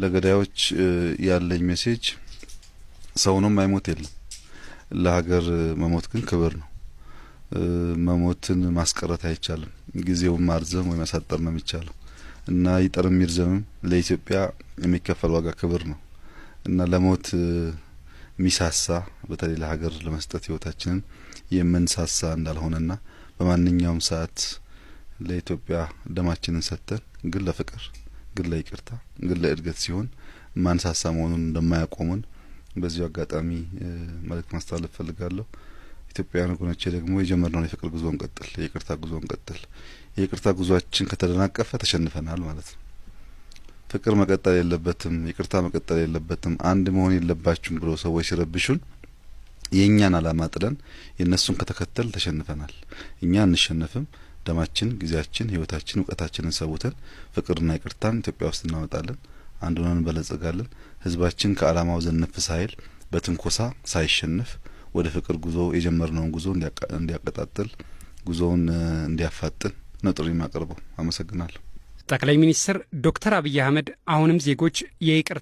ለገዳዮች ያለኝ ሜሴጅ ሰውንም አይሞት የለም፣ ለሀገር መሞት ግን ክብር ነው። መሞትን ማስቀረት አይቻልም። ጊዜውን ማርዘም ወይም ማሳጠር ነው የሚቻለው እና ይጠርም ይርዘምም ለኢትዮጵያ የሚከፈል ዋጋ ክብር ነው እና ለሞት ሚሳሳ በተለይ ለሀገር ለመስጠት ህይወታችንን የምንሳሳ እንዳልሆነና በማንኛውም ሰዓት ለኢትዮጵያ ደማችንን ሰጥተን ግን ለፍቅር ግለ ይቅርታ ግለ እድገት ሲሆን ማንሳሳ መሆኑን እንደማያቆሙን በዚሁ አጋጣሚ መልእክት ማስተላለፍ ፈልጋለሁ። ኢትዮጵያውያን ወገኖቼ ደግሞ የጀመርነውን የፍቅር ጉዞ እንቀጥል፣ የይቅርታ ጉዞ እንቀጥል። የይቅርታ ጉዟችን ከተደናቀፈ ተሸንፈናል ማለት ነው። ፍቅር መቀጠል የለበትም፣ ይቅርታ መቀጠል የለበትም፣ አንድ መሆን የለባችሁም ብሎ ሰዎች ሲረብሹን የእኛን አላማ ጥለን የእነሱን ከተከተል ተሸንፈናል። እኛ አንሸነፍም። ደማችን፣ ጊዜያችን፣ ህይወታችን፣ እውቀታችንን ሰውተን ፍቅርና ይቅርታን ኢትዮጵያ ውስጥ እናመጣለን። አንድ ሆነን እንበለጽጋለን። ህዝባችን ከአላማው ዘንፍስ ኃይል በትንኮሳ ሳይሸንፍ ወደ ፍቅር ጉዞ የጀመርነውን ጉዞ እንዲያቀጣጥል ጉዞውን እንዲያፋጥን ነው ጥሪ የማቀርበው። አመሰግናለሁ። ጠቅላይ ሚኒስትር ዶክተር አብይ አህመድ አሁንም ዜጎች የይቅርታ